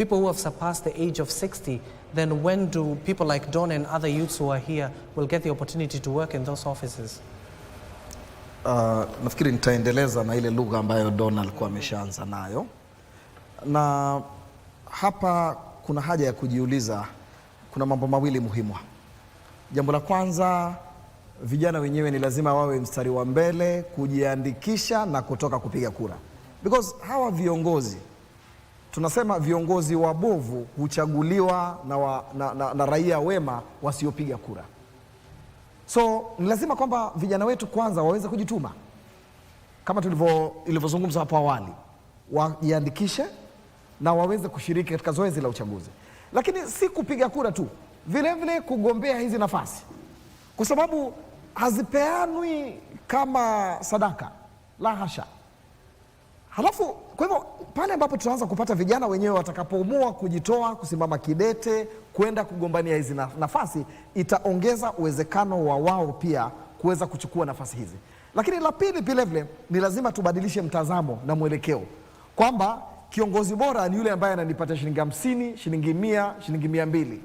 people who have surpassed the age of 60, then when do people like Don and other youths who are here will get the opportunity to work in those offices? Uh, nafikiri nitaendeleza na ile lugha ambayo Don alikuwa ameshaanza nayo, na hapa kuna haja ya kujiuliza, kuna mambo mawili muhimu. Jambo la kwanza, vijana wenyewe ni lazima wawe mstari wa mbele kujiandikisha na kutoka kupiga kura because hawa viongozi tunasema viongozi wabovu huchaguliwa na, wa, na, na, na raia wema wasiopiga kura. So ni lazima kwamba vijana wetu kwanza waweze kujituma kama tulivyozungumza hapo awali, wajiandikishe na waweze kushiriki katika zoezi la uchaguzi, lakini si kupiga kura tu, vilevile vile kugombea hizi nafasi, kwa sababu hazipeanwi kama sadaka, la hasha. Halafu kwa hivyo pale ambapo tutaanza kupata vijana wenyewe watakapoamua kujitoa, kusimama kidete, kwenda kugombania hizi nafasi, itaongeza uwezekano wa wao pia kuweza kuchukua nafasi hizi. Lakini la pili vilevile ni lazima tubadilishe mtazamo na mwelekeo kwamba kiongozi bora ni yule ambaye ananipatia shilingi hamsini, shilingi mia, shilingi mia mbili.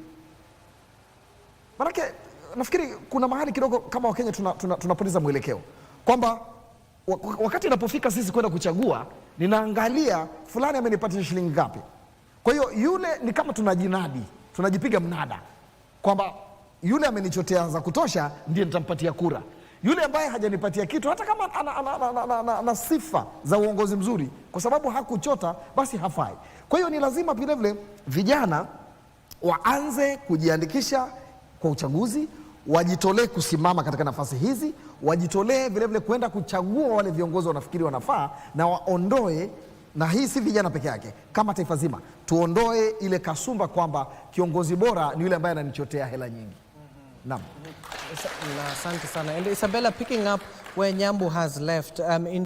Maanake nafikiri kuna mahali kidogo kama Wakenya tunapoteza tuna, tuna mwelekeo kwamba wakati inapofika sisi kwenda kuchagua, ninaangalia fulani amenipatia shilingi ngapi. Kwa hiyo yule ni kama tunajinadi, tunajipiga mnada kwamba yule amenichotea za kutosha ndiye nitampatia kura. Yule ambaye hajanipatia kitu hata kama ana, ana, ana, ana, ana, ana sifa za uongozi mzuri, kwa sababu hakuchota basi hafai. Kwa hiyo ni lazima vilevile vijana waanze kujiandikisha kwa uchaguzi wajitolee kusimama katika nafasi hizi, wajitolee vilevile kwenda kuchagua wale viongozi wanafikiri wanafaa na waondoe na hii si vijana peke yake, kama taifa zima tuondoe ile kasumba kwamba kiongozi bora ni yule ambaye ananichotea hela nyingi. Naam, asante sana. And Isabella, picking up where Nyambu has left um, in